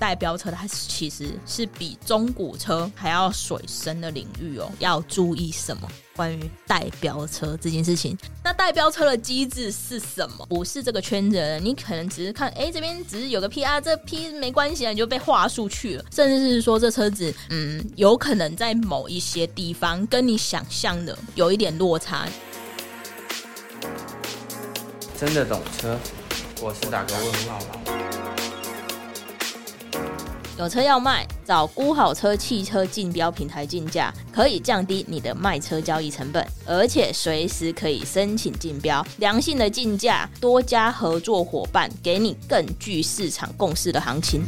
代標車，它其實是比中古車還要水深的領域哦、喔。要注意什麼？關於代標車這件事情，那代標車的機制是什麼？不是這個圈子的人，你可能只是看，哎、欸，這邊只是有個 PR，、啊、這 P 沒關係啊，你就被劃出去了，甚至是說這車子，嗯，有可能在某一些地方跟你想象的有一點落差。真的懂車，我是打個問號吧。有車要賣，找估好車汽車競標平台競價，可以降低你的賣車交易成本，而且隨時可以申請競標，良性的競價，多家合作伙伴給你更具市場共識的行情。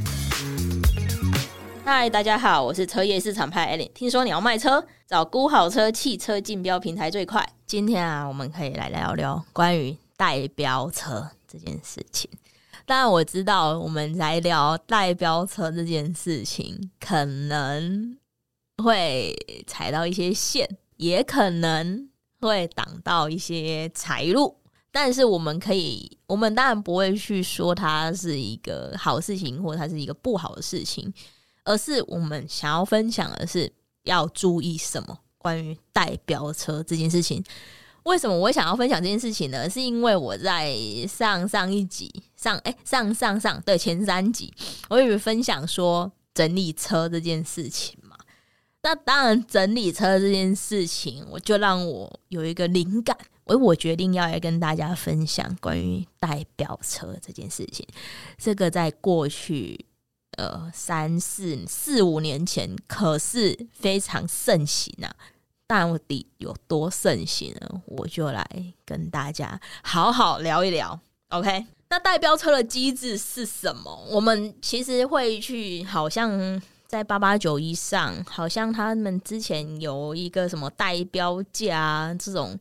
嗨，大家好，我是車業市場派 Elin。聽說你要賣車，找估好車汽車競標平台最快。今天啊，我們可以來聊聊關於代標車這件事情。當然我知道，我們來聊代標車這件事情，可能會踩到一些線，也可能會擋到一些財路。但是我們可以，我們當然不會去說它是一個好事情，或者它是一個不好的事情，而是我們想要分享的是要注意什麼關於代標車這件事情。為什麼我想要分享這件事情呢？是因為我在上上一集。上哎、欸，上上上，對，前三集，我有，有分享說整理車這件事情嘛。那當然，整理車這件事情，我就讓我有一個靈感，我我決定要來跟大家分享關於代標車這件事情。這個在過去呃三四四五年前可是非常盛行啊，到底有多盛行啊？我就來跟大家好好聊一聊，OK。那代標車的機制是什麼？我們其實會去，好像在八八九一上，好像他們之前有一個什麼代標價、啊、這種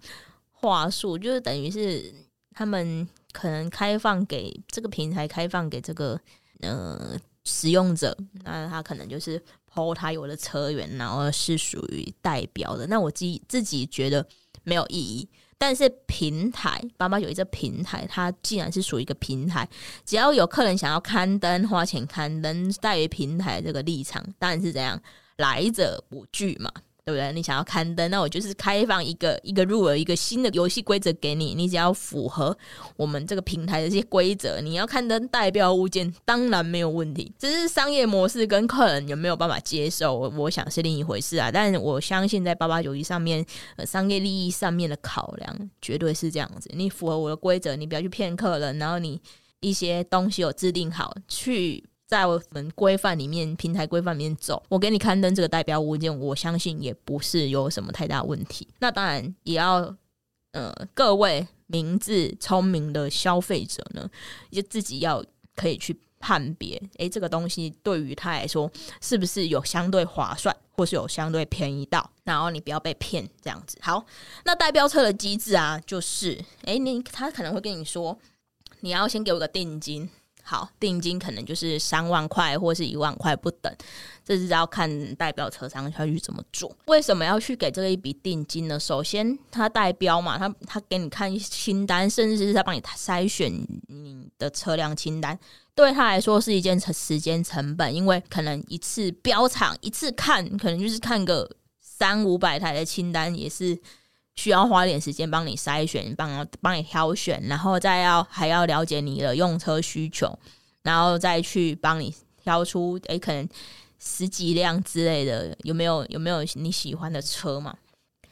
話術，就是等於是他們可能開放給這個平台，開放給這個呃使用者，那他可能就是拋他有的車源，然後是屬於代標的。那我自己自己覺得沒有意義。但是平台八八九一這平台，它既然是屬於一個平台，只要有客人想要刊登，花錢刊登，對於平台的這個立場，當然是這樣，來者不拒嘛。對不對？你想要刊登，那我就是開放一個一個入了一個新的遊戲規則給你。你只要符合我們這個平台的一些規則，你要刊登代標物件，當然沒有問題。只是商業模式跟客人有沒有辦法接受，我，我想是另一回事啊。但我相信在八八九一上面，呃，商業利益上面的考量絕對是這樣子。你符合我的規則，你不要去騙客人，然後你一些東西有制定好去。在我們規範裡面，平台規範裡面走，我給你刊登這個代標物件，我相信也不是有什麼太大問題。那當然也要，呃，各位明智聰明的消費者呢，就自己要可以去判別，誒、欸，這個東西對於他來說是不是有相對划算，或是有相對便宜到，然後你不要被騙這樣子。好，那代標車的機制啊，就是，誒、欸，你他可能會跟你說，你要先給我個定金。好，定金可能就是三萬塊或是一萬塊不等，這是要看代標車商下去怎麼做。為什麼要去給這個一筆定金呢？首先，他代標嘛，他他給你看清單，甚至是他幫你篩選你的車輛清單，對他來說是一件成時間成本，因為可能一次標場，一次看，可能就是看個三五百台的清單也是。需要花點時間幫你篩選，幫幫你挑選，然後再要還要了解你的用車需求，然後再去幫你挑出誒可能十幾輛之類的，有沒有有沒有你喜歡的車嘛？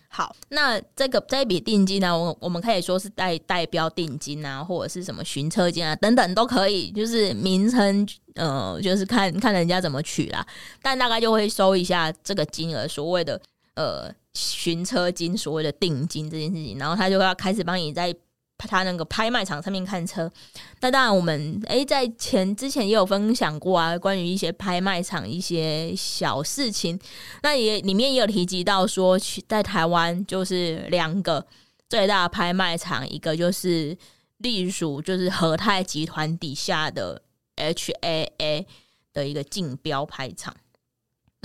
好，那這個這筆定金呢啊，我我們可以說是代代標定金啊，或者是什麼尋車金啊等等都可以，就是名稱呃，就是看看人家怎麼取啦，但大概就會收一下這個金額，所謂的呃。尋車金，所謂的定金這件事情，然後他就要開始幫你在他那個拍賣場上面看車。那當然，我們哎在前之前也有分享過啊，關於一些拍賣場一些小事情。那也裡面也有提及到說去，在台灣就是兩個最大的拍賣場，一個就是隸屬就是和泰集團底下的 HAA 的一個競標拍場。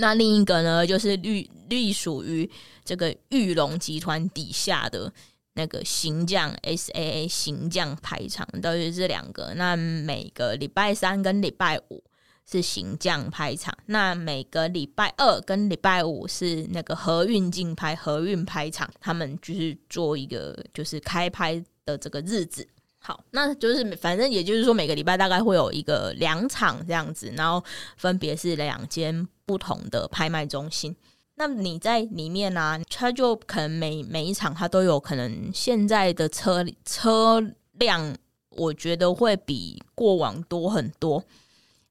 那另一個呢，就是隸隸屬於這個裕隆集團底下的那個行將 SAA 行將拍場，都是這兩個。那每個禮拜三跟禮拜五是行將拍場，那每個禮拜二跟禮拜五是那個和運競拍、和運拍場，他們就是做一個就是開拍的這個日子。好，那就是反正也就是說，每個禮拜大概會有一個兩場這樣子，然後分別是兩間不同的拍賣中心。那你在裡面呢、啊，它就可能每每一場它都有可能現在的車車輛，我覺得會比過往多很多。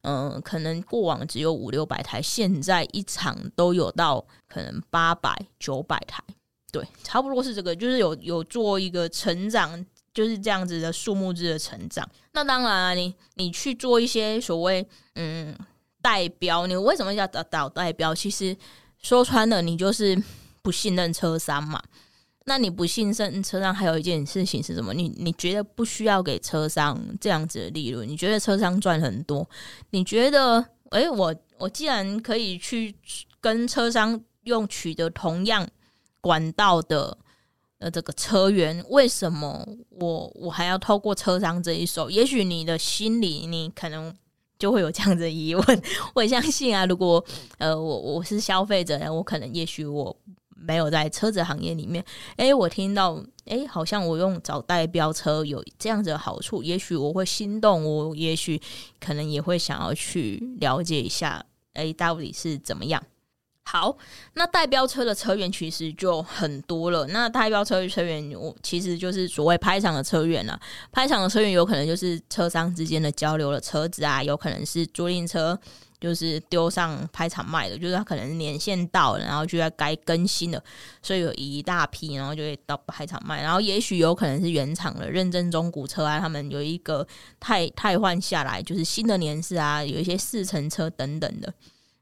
嗯、呃，可能過往只有五六百台，現在一場都有到可能八百九百台，對，差不多是這個，就是有有做一個成長。就是這樣子的樹木質的成長。那當然、啊，你你去做一些所謂嗯代標，你為什麼要導導代標，其實說穿了，你就是不信任車商嘛。那你不信任車商，還有一件事情是什麼？你你覺得不需要給車商這樣子的利潤？你覺得車商賺很多？你覺得？哎、欸，我我既然可以去跟車商用取得同樣管道的。呃，這個車源為什麼我我還要透過車商這一手？也許你的心裡你可能就會有這樣的疑問。我相信啊，如果呃我我是消費者，我可能也許我沒有在車子行業裡面，哎，我聽到哎，好像我用找代標車有這樣子的好處，也許我會心動，我也許可能也會想要去了解一下，哎，到底是怎麼樣？好，那代標車的車源其實就很多了。那代標車的車源，我其實就是所謂拍場的車源了啊。拍場的車源有可能就是車商之間的交流的車子啊，有可能是租賃車，就是丟上拍場賣的，就是它可能年限到了，然後就要該更新了，所以有一大批，然後就會到拍場賣。然後也許有可能是原廠的認證中古車啊，他們有一個太太換下來，就是新的年式啊，有一些試乘車等等的。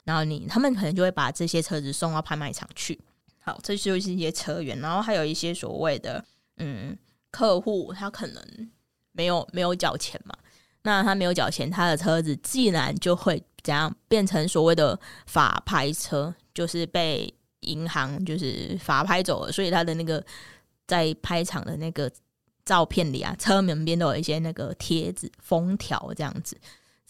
然後你他們可能就會把這些車子送到拍賣場去。好，這就是一些車源。然後還有一些所謂的嗯客戶，他可能沒有沒有繳錢嘛。那他沒有繳錢，他的車子既然就會怎樣，變成所謂的法拍車，就是被銀行就是法拍走了。所以他的那個在拍場的那個照片裡啊，車門邊都有一些那個貼紙封條這樣子。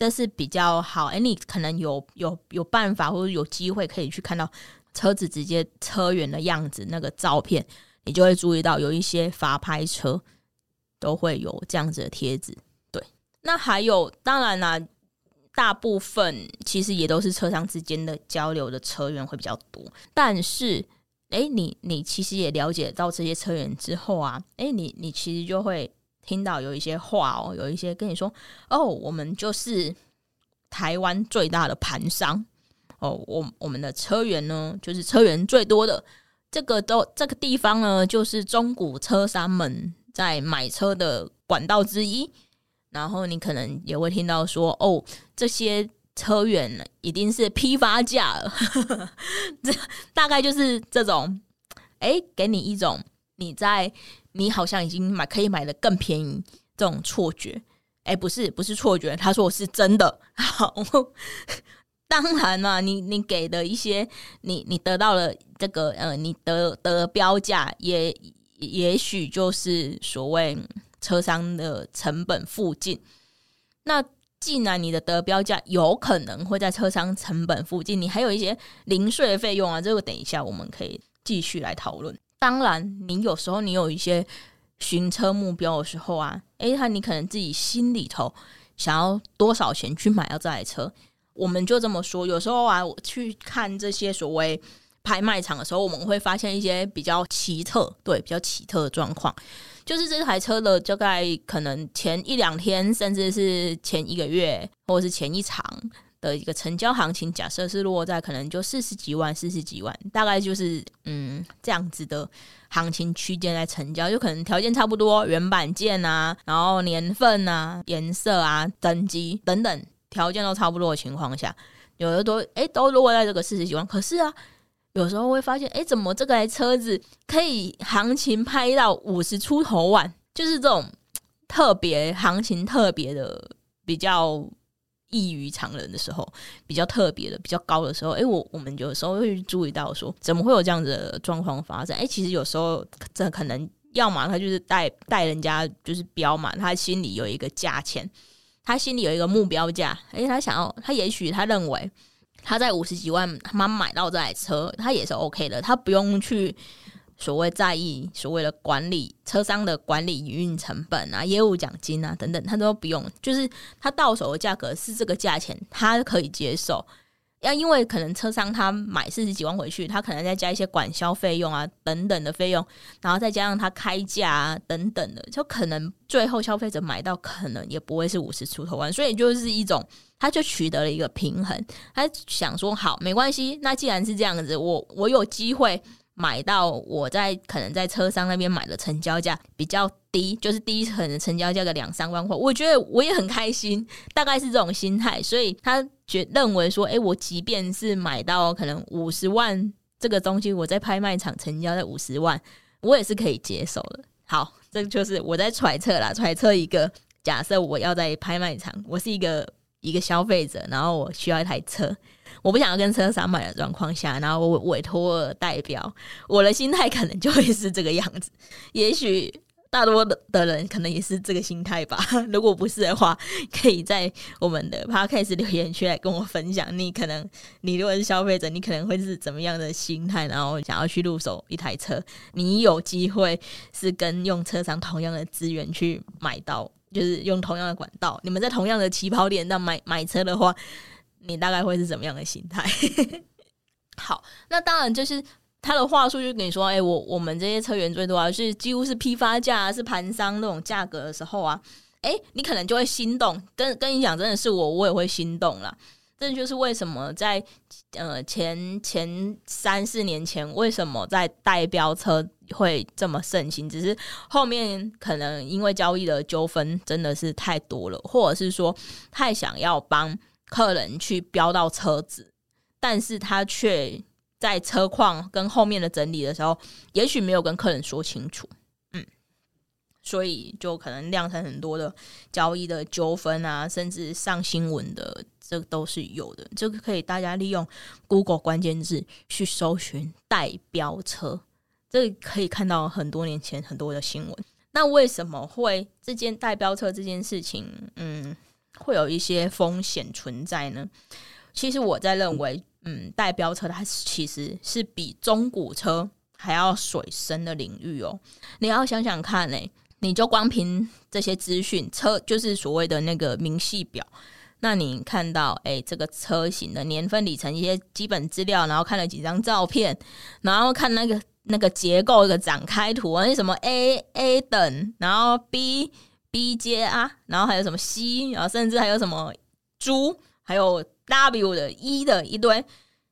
但是比較好哎、欸，你可能有有有辦法或者有機會可以去看到車子直接車源的樣子，那個照片你就會注意到有一些法拍車都會有這樣子的貼紙。對，那還有當然啦、啊，大部分其實也都是車商之間的交流的車源會比較多。但是誒、欸，你你其實也了解到這些車源之後啊，誒、欸，你你其實就會。聽到有一些話哦，有一些跟你說哦，我們就是台灣最大的盤商哦，我我們的車源呢，就是車源最多的這個都這個地方呢，就是中古車商們在買車的管道之一。然後你可能也會聽到說哦，這些車源呢，一定是批發價了，呵呵這大概就是這種欸，給你一種你在。你好像已經買可以買得更便宜，這種錯覺，哎，不是不是錯覺，他說我是真的。好，呵呵當然啦、啊，你你給的一些，你你得到了這個，呃，你得得標價也也許就是所謂車商的成本附近。那既然你的得標價有可能會在車商成本附近，你還有一些零碎的費用啊，這個等一下我們可以繼續來討論。當然，你有時候你有一些尋車目標的時候啊，誒，他你可能自己心裡頭想要多少錢去買到這台車，我們就這麼說。有時候啊，我去看這些所謂拍賣場的時候，我們會發現一些比較奇特，對，比較奇特的狀況，就是這台車的，大概可能前一兩天，甚至是前一個月，或者是前一場。的一個成交行情，假設是落在可能就四十幾萬、四十幾萬，大概就是嗯這樣子的行情區間來成交，就可能條件差不多，原版件啊，然後年份啊、顏色啊、等級等等條件都差不多的情況下，有的都誒、欸、都落在這個四十幾萬。可是啊，有時候會發現誒、欸，怎麼這個車子可以行情拍到五十出頭萬？就是這種特別行情特，特別的比較。異於常人的時候，比較特別的、比較高的時候，哎，我我們就有時候會注意到說，怎麼會有這樣子的狀況發生？哎，其實有時候這可能，要嘛他就是帶帶人家就是標嘛，他心裡有一個價錢，他心裡有一個目標價，哎，他想要，他也許他認為他在五十幾萬他媽買到這台車，他也是 OK 的，他不用去。所謂在意，所謂的管理，車商的管理營運成本啊，業務獎金啊等等，他都不用。就是他到手的價格是這個價錢，他可以接受。要因為可能車商他買四十幾萬回去，他可能再加一些管銷費用啊等等的費用，然後再加上他開價啊等等的，就可能最後消費者買到可能也不會是五十出頭萬。所以就是一種，他就取得了一個平衡。他想說，好，沒關係。那既然是這樣子，我我有機會。買到我在可能在車商那邊買的成交價比較低，就是第一可能成交價個兩三萬塊，我覺得我也很開心，大概是這種心態。所以他覺得認為說，哎、欸，我即便是買到可能五十萬這個東西，我在拍賣場成交在五十萬，我也是可以接受的。好，這就是我在揣測啦，揣測一個假設，我要在拍賣場，我是一個一個消費者，然後我需要一台車。我不想要跟車商買的狀況下，然後我委托代標，我的心態可能就會是這個樣子。也許大多的的人可能也是這個心態吧。如果不是的話，可以在我們的 Podcast 留言區來跟我分享，你可能你如果是消費者，你可能會是怎麼樣的心態，然後想要去入手一台車，你有機會是跟用車商同樣的資源去買到，就是用同樣的管道，你們在同樣的起跑點上買買車的話。你大概會是怎麼樣的心態？ 好，那當然就是他的話術就跟你說，哎，我我們這些車源最多啊，是幾乎是批發價啊，是盤商那種價格的時候啊，哎，你可能就會心動。跟跟你講，真的是我，我也會心動啦。這就是為什麼在呃前前三四年前，為什麼在代標車會這麼盛行。只是後面可能因為交易的糾紛真的是太多了，或者是說太想要幫。客人去標到車子，但是他卻在車況跟後面的整理的時候，也許沒有跟客人說清楚，嗯，所以就可能釀成很多的交易的糾紛啊，甚至上新聞的，這都是有的。這個可以大家利用 Google 關鍵字去搜尋代標車，這可以看到很多年前很多的新聞。那為什麼會這件代標車這件事情，嗯？會有一些風險存在呢？其實我在認為，嗯，代標車它其實是比中古車還要水深的領域哦。你要想想看嘞，欸，你就光憑這些資訊，車就是所謂的那個明細表，那你看到哎，欸、這個車型的年份、里程一些基本資料，然後看了幾張照片，然後看那個那個結構的展開圖，那什麼 A A 等，然後 B。B J 啊，R，然後還有什麼 C 啊，甚至還有什麼豬，還有 W 的 E 的一堆。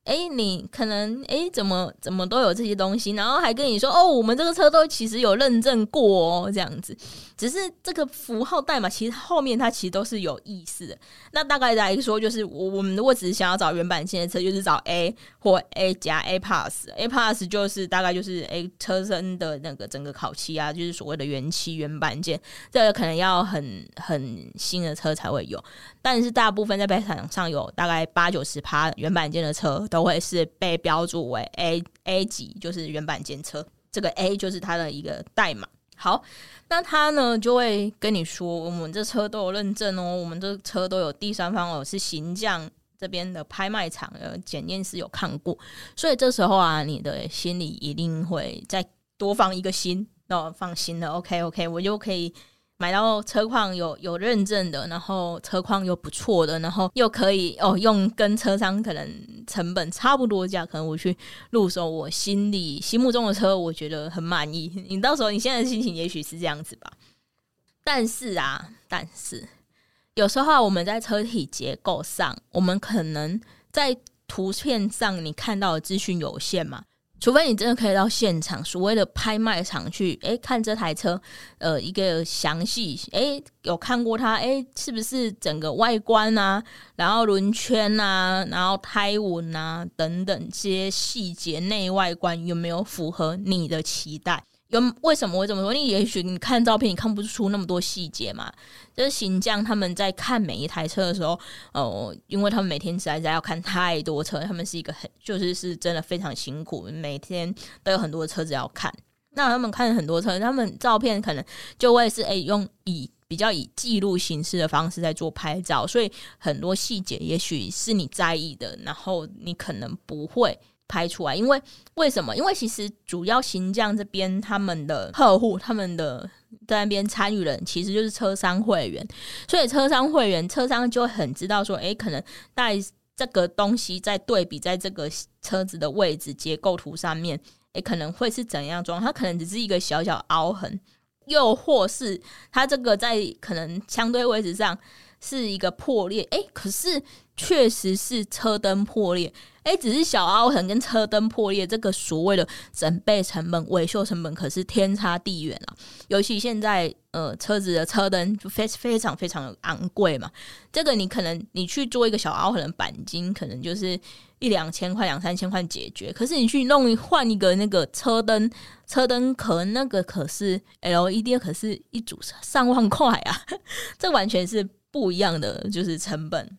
哎，你可能哎，怎麼怎麼都有這些東西，然後還跟你說哦，我們這個車都其實有認證過哦，這樣子。只是這個符號代碼其實後面它其實都是有意思的。那大概來說，就是我我們如果只是想要找原版件的車，就是找 A 或 A 加 A Pass，A Pass 就是大概就是哎車身的那個整個烤漆啊，就是所謂的原漆原版件，這個可能要很很新的車才會有。但是大部分在拍場上有大概八九十趴原版件的車都。都會是被標註為 A A 級，就是原版檢車。這個 A 就是它的一個代碼。好，那它呢就會跟你說，我們這車都有認證哦，我們這車都有第三方哦，哦是行將這邊的拍賣場的、呃、檢驗師有看過。所以這時候啊，你的心裡一定會再多放一個心，那、哦、放心了。OK OK，我就可以。買到車況有有認證的，然後車況又不錯的，然後又可以哦，用跟車商可能成本差不多價，可能我去入手，我心裡心目中的車，我覺得很滿意。你到時候你現在的心情也許是這樣子吧，但是啊，但是有時候我們在車體結構上，我們可能在圖片上你看到的資訊有限嘛。除非你真的可以到現場，所謂的拍賣場去，誒、欸，看這台車，呃，一個詳細，誒、欸，有看過它，誒、欸，是不是整個外觀啊，然後輪圈啊，然後胎紋啊，等等這些細節，內外觀有沒有符合你的期待？有，為什麼我這麼說？因為也許你看照片，你看不出那麼多細節嘛。就是行將他們在看每一台車的時候，哦、呃，因為他們每天實在在要看太多車，他們是一個很就是是真的非常辛苦，每天都有很多車子要看。那他們看很多車，他們照片可能就會是誒、欸，用以比較以記錄形式的方式在做拍照，所以很多細節也許是你在意的，然後你可能不會。拍出來，因為為什麼？因為其實主要行將這邊他們的客戶，他們的在那邊參與人，其實就是車商會員，所以車商會員車商就很知道說，誒、欸，可能帶這個東西在對比，在這個車子的位置結構圖上面，誒、欸，可能會是怎樣裝？它可能只是一個小小凹痕，又或是它這個在可能相對位置上是一個破裂，誒、欸，可是。確實是車燈破裂，誒、欸，只是小凹痕跟車燈破裂，這個所謂的整備成本、維修成本可是天差地遠了、啊。尤其現在，呃，車子的車燈就非非常非常昂貴嘛，這個你可能你去做一個小凹痕的鈑金，可能就是一兩千塊、兩三千塊解決，可是你去弄換一,一個那個車燈，車燈可能那個可是 L E D，可是一組上萬塊啊， 這完全是不一樣的，就是成本。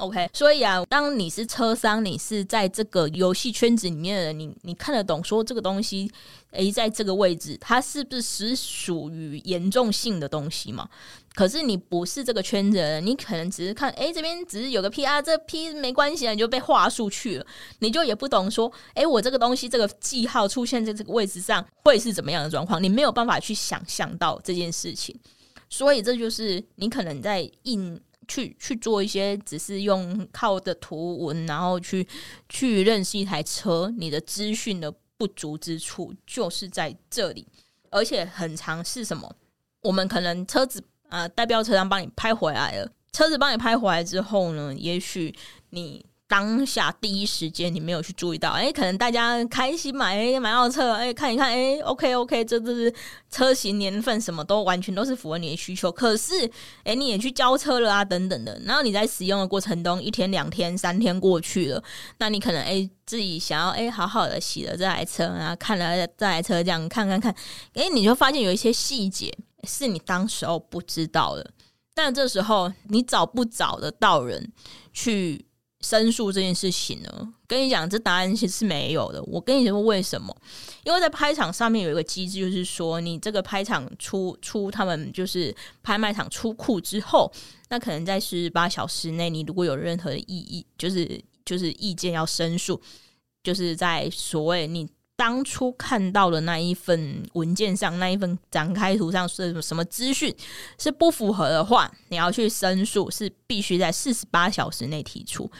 OK，所以啊，當你是車商，你是在這個遊戲圈子裡面的人，你你看得懂說這個東西，誒、欸，在這個位置，它是不是實屬於嚴重性的東西嘛？可是你不是這個圈子的人，你可能只是看，哎、欸，這邊只是有個 PR，、啊、這個、P 沒關係，你就被劃出去了，你就也不懂說，哎、欸，我這個東西這個記號出現在這個位置上會是怎麼樣的狀況，你沒有辦法去想象到這件事情，所以這就是你可能在印。去去做一些，只是用靠的圖文，然後去去認識一台車，你的資訊的不足之處就是在這裡，而且很常是什麼？我們可能車子啊、呃，代標車上幫你拍回來了，車子幫你拍回來之後呢，也許你。當下第一時間你沒有去注意到，哎、欸，可能大家開心買、欸、買到車，哎、欸，看一看，哎、欸、，OK OK，這就是車型年份什麼都完全都是符合你的需求。可是，哎、欸，你也去交車了啊，等等的。然後你在使用的過程中，一天、兩天、三天過去了，那你可能哎、欸、自己想要哎、欸、好好的洗了這台車，啊，看了這台車這樣看看看，哎、欸，你就發現有一些細節是你當時不知道的。那這時候你找不找得到人去？申訴這件事情呢，跟你講，這答案其實是沒有的。我跟你說為什麼？因為在拍場上面有一個機制，就是說你這個拍場出出，他們就是拍賣場出庫之後，那可能在十八小時內，你如果有任何的異議，就是就是意見要申訴，就是在所謂你。當初看到的那一份文件上，那一份展開圖上是什麼資訊，是不符合的話，你要去申訴，是必須在四十八小時內提出。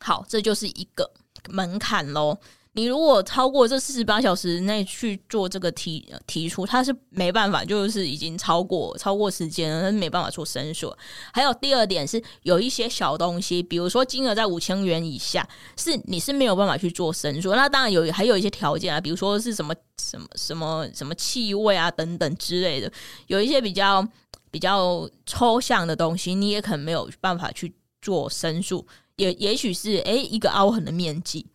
好，這就是一個門檻嘍。你如果超過這四十八小時內去做這個提提出，他是沒辦法，就是已經超過超過時間了，他是沒辦法做申訴。還有第二點是，有一些小東西，比如說金額在五千元以下，是你是沒有辦法去做申訴。那當然有還有一些條件啊，比如說是什麼什麼什麼什麼氣味啊等等之類的，有一些比較比較抽象的東西，你也可能沒有辦法去做申訴。也也許是誒、欸，一個凹痕的面積。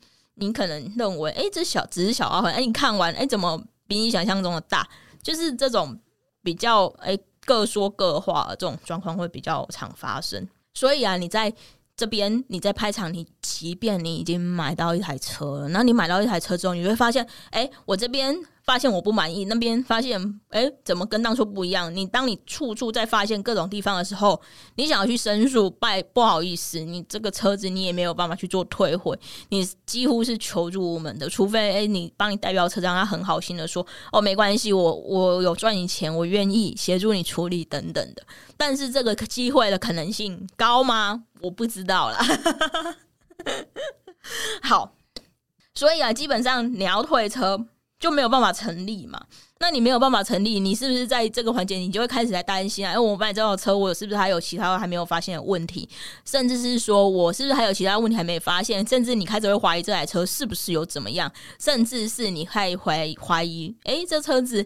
你可能認為，哎、欸，這小只是小凹痕，哎、欸，你看完，哎、欸，怎麼比你想象中的大？就是這種比較，哎、欸，各說各話，這種狀況會比較常發生。所以啊，你在這邊，你在拍場，你。即便你已經買到一台車了，那你買到一台車之後，你會發現，哎、欸，我這邊發現我不滿意，那邊發現，哎、欸，怎麼跟當初不一樣？你當你處處在發現各種地方的時候，你想要去申訴，拜不好意思，你這個車子你也沒有辦法去做退回，你幾乎是求助無門的，除非哎、欸，你幫你代標車商，他很好心的說，哦，沒關係，我我有賺你錢，我願意協助你處理等等的，但是這個機會的可能性高嗎？我不知道啦。 好，所以啊，基本上你要退車就沒有辦法成立嘛。那你沒有辦法成立，你是不是在這個環節，你就會開始在擔心啊？因、欸、為我買這輛車，我是不是還有其他還沒有發現的問題？甚至是說我是不是還有其他問題還沒有發現？甚至你開始會懷疑這台車是不是有怎麼樣？甚至是你還懷疑懷疑，哎、欸，這車子。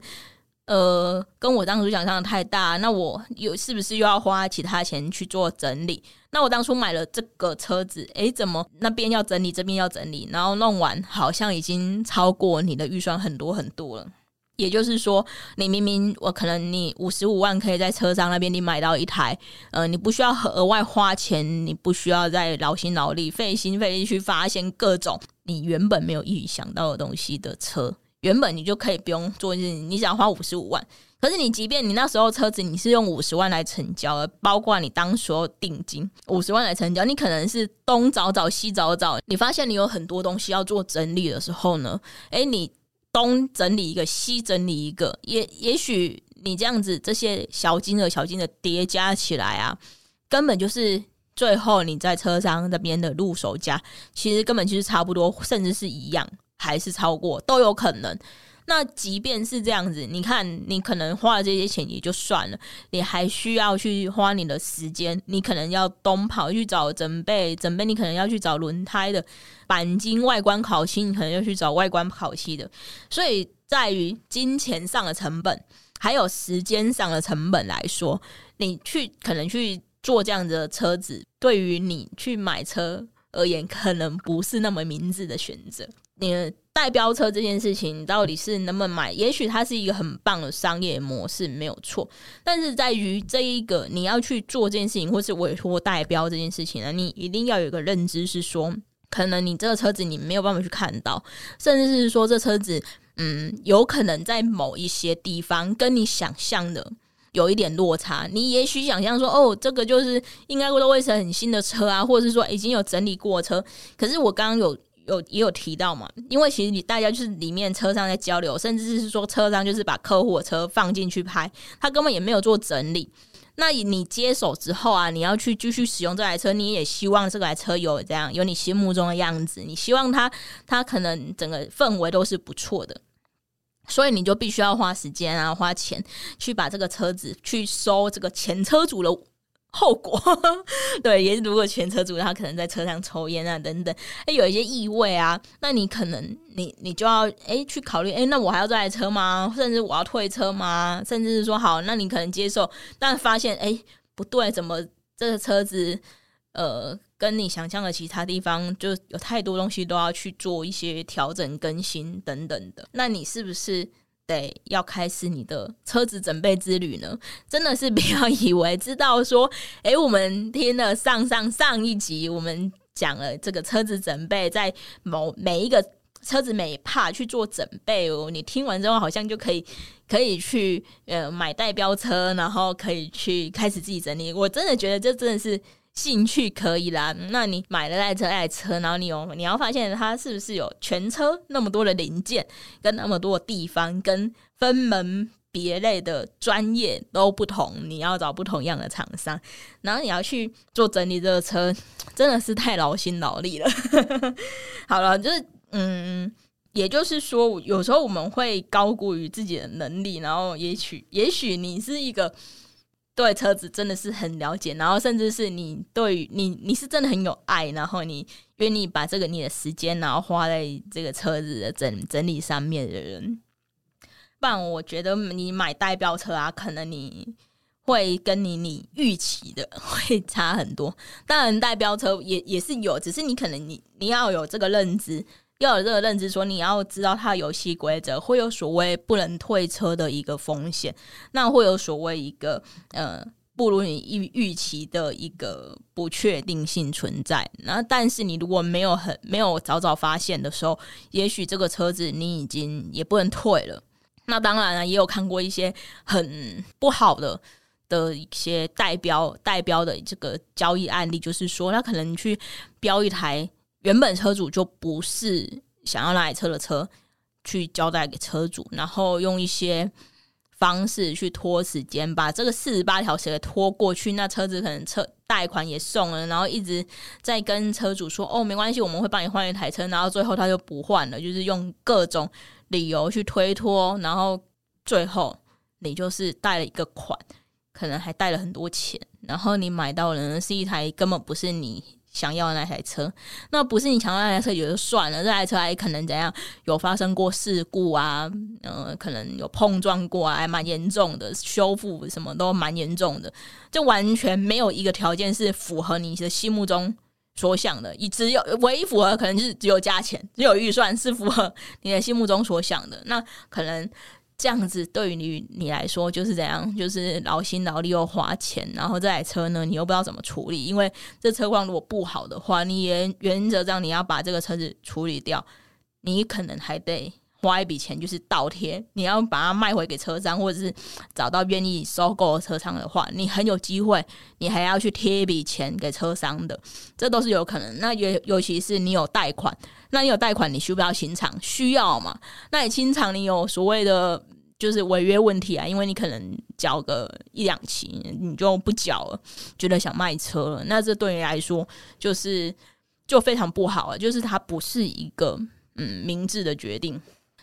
呃，跟我當初想象的太大，那我有是不是又要花其他錢去做整理？那我當初買了這個車子，誒，怎麼那邊要整理，這邊要整理，然後弄完好像已經超過你的預算很多很多了。也就是說，你明明我可能你五十五萬可以在車商那邊你買到一台，呃，你不需要額外花錢，你不需要再勞心勞力、費心費力去發現各種你原本沒有意想到的東西的車。原本你就可以不用做，你只要花五十五萬。可是你即便你那時候車子你是用五十萬來成交的，包括你當時候定金五十萬來成交，你可能是東找找西找找，你發現你有很多東西要做整理的時候呢，哎、欸，你東整理一個，西整理一個，也也許你這樣子這些小金額小金額疊加起來啊，根本就是最後你在車商這邊的入手價，其實根本就是差不多，甚至是一樣。還是超過都有可能。那即便是這樣子，你看，你可能花了這些錢也就算了，你還需要去花你的時間。你可能要東跑去找整備，整備你可能要去找輪胎的鈑金、外觀烤漆，你可能要去找外觀烤漆的。所以，在於金錢上的成本，還有時間上的成本來說，你去可能去做這樣子的車子，對於你去買車而言，可能不是那麼明智的選擇。你的代標車這件事情，到底是能不能買？也許它是一個很棒的商業模式，沒有錯。但是在於這一個你要去做這件事情，或是委托代標這件事情呢，你一定要有個認知，是說，可能你這個車子你沒有辦法去看到，甚至是說這車子，嗯，有可能在某一些地方跟你想象的有一點落差。你也許想象說，哦，這個就是應該都會是很新的車啊，或者是說已經有整理過車。可是我剛剛有。有也有提到嘛，因為其實你大家就是裡面車商在交流，甚至是說車商就是把客戶的車放進去拍，他根本也沒有做整理。那你接手之後啊，你要去繼續使用這台車，你也希望這台車有這樣，有你心目中的樣子，你希望它，它可能整個氛圍都是不錯的，所以你就必須要花時間啊，花錢，去把這個車子去收這個前車主的後果， 對，也是如果前車主他可能在車上抽菸啊等等，哎、欸、有一些異味啊，那你可能你你就要哎、欸、去考慮，哎、欸、那我還要這台車嗎？甚至我要退車嗎？甚至是說好，那你可能接受，但發現哎、欸、不對，怎麼這個車子呃跟你想象的其他地方就有太多東西都要去做一些調整、更新等等的，那你是不是？對，要開始你的車子整備之旅呢，真的是不要以為知道說，哎、欸，我們聽了上上上一集，我們講了這個車子整備，在某每一個車子每 part 去做整備哦，你聽完之後好像就可以可以去呃買代標車，然後可以去開始自己整理，我真的覺得這真的是。興趣可以啦，那你買了愛車愛車，然後你有你要發現它是不是有全車那麼多的零件，跟那麼多的地方，跟分門別類的專業都不同，你要找不同樣的廠商，然後你要去做整理這個車，真的是太勞心勞力了。 好了，就是嗯，也就是說，有時候我們會高估於自己的能力，然後也許也許你是一個。對車子真的是很了解，然後甚至是你對你你是真的很有愛，然後你願意把這個你的時間然後花在這個車子的整整理上面的人，不然我覺得你買代標車啊，可能你會跟你你預期的會差很多。當然代標車也也是有，只是你可能你你要有這個認知。要有這個認知說，說你要知道它的遊戲規則，會有所謂不能退車的一個風險，那會有所謂一個呃不如你預預期的一個不確定性存在。那但是你如果沒有很沒有早早發現的時候，也許這個車子你已經也不能退了。那當然了、啊，也有看過一些很不好的的一些代標代標的這個交易案例，就是說他可能你去標一台。原本車主就不是想要那台車的車去交代給車主，然後用一些方式去拖時間，把這個四十八小時拖過去。那車子可能車貸款也送了，然後一直在跟車主說：“哦，沒關係，我們會幫你換一台車。”然後最後他就不換了，就是用各種理由去推脫，然後最後你就是貸了一個款，可能還貸了很多錢，然後你買到的是一台根本不是你想要的那台車，那不是你想要的那台車也就算了，那台車還可能怎樣？有發生過事故啊，嗯、呃，可能有碰撞過，啊，還蠻嚴重的，修復什麼都蠻嚴重的，這完全沒有一個條件是符合你的心目中所想的。一只有唯一符合，可能就是只有價錢，只有預算是符合你的心目中所想的。那可能。這樣子對於你你來說就是怎樣，就是勞心勞力又花錢，然後這台車呢，你又不知道怎麼處理，因為這車況如果不好的話，你也原原則上你要把這個車子處理掉，你可能還得。花一筆錢，就是倒貼，你要把它賣回給車商，或者是找到願意收購車商的話，你很有機會，你還要去貼一筆錢給車商的，這都是有可能。那尤尤其是你有貸款，那你有貸款，你需要不要清償？需要嘛？那你清償，你有所謂的就是違約問題啊？因為你可能繳個一兩期，你就不繳了，覺得想賣車了。那這對你來說，就是就非常不好了啊。就是它不是一個嗯明智的決定。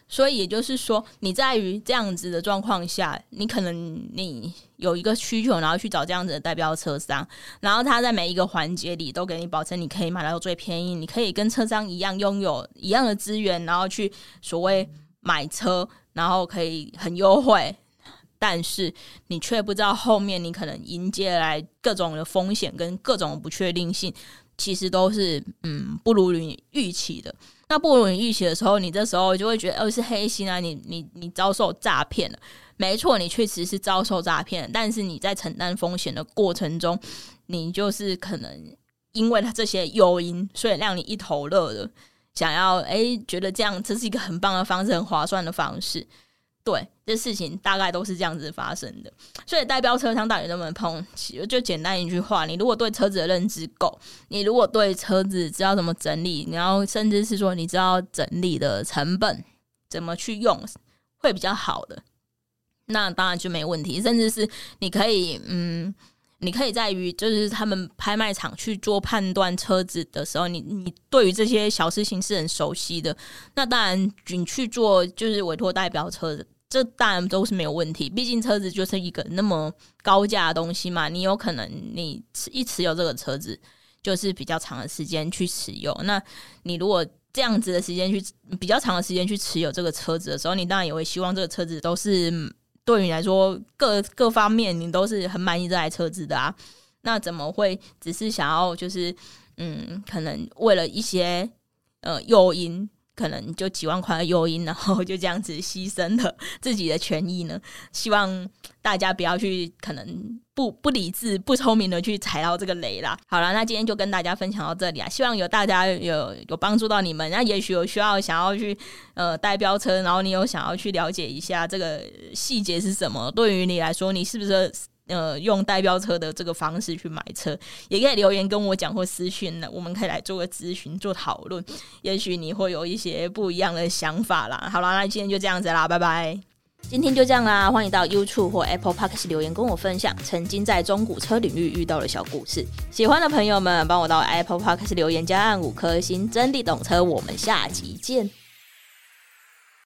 所以也就是說，你在於這樣子的狀況下，你可能你有一個需求，然後去找這樣子的代標車商，然後他在每一個環節裡都給你保證，你可以買到最便宜，你可以跟車商一樣擁有一樣的資源，然後去所謂買車，然後可以很優惠。但是你卻不知道後面你可能迎接來各種的風險跟各種的不確定性，其實都是嗯不如你預期的。那不如你預期的時候，你這時候就會覺得，哦，是黑心啊！你你你遭受詐騙了，沒錯，你確實是遭受詐騙，但是你在承擔風險的過程中，你就是可能因為他這些誘因，所以讓你一頭熱的，想要，哎、欸，覺得這樣這是一個很棒的方式，很划算的方式。對，這事情大概都是這樣子發生的，所以代標車商到底能不能碰，其實就簡單一句話，你如果對車子的認知夠，你如果對車子知道怎麼整理，然後甚至是說你知道整理的成本怎麼去用，會比較好的，那當然就沒問題。甚至是你可以嗯。你可以在於就是他們拍賣場去做判斷車子的時候，你你對於這些小事情，是很熟悉的。那當然，你去做就是委托代標車子，這當然都是沒有問題。畢竟車子就是一個那麼高價的東西嘛，你有可能你一持有這個車子就是比較長的時間去持有。那你如果這樣子的時間去比較長的時間去持有這個車子的時候，你當然也會希望這個車子都是。對你來說，各各方面你都是很滿意這台車子的啊，那怎麼會只是想要就是嗯，可能為了一些呃誘因。可能就幾萬塊的誘因，然後就這樣子犧牲了自己的權益呢？希望大家不要去可能不不理智、不聰明的去踩到這個雷啦。好了，那今天就跟大家分享到這裡啊，希望有大家有有幫助到你們。那也許有需要想要去呃代標車，然後你有想要去了解一下這個細節是什麼？對於你來說，你是不是？呃，用代標車的這個方式去買車，也可以留言跟我講或私訊呢，我們可以來做個諮詢、做討論。也許你會有一些不一樣的想法啦。好啦，那今天就這樣子啦，拜拜。今天就這樣啦，歡迎到 YouTube 或 Apple Podcast 留言跟我分享曾經在中古車領域遇到的小故事。喜歡的朋友們，幫我到 Apple Podcast 留言加按五顆星，真滴懂車。我們下集見。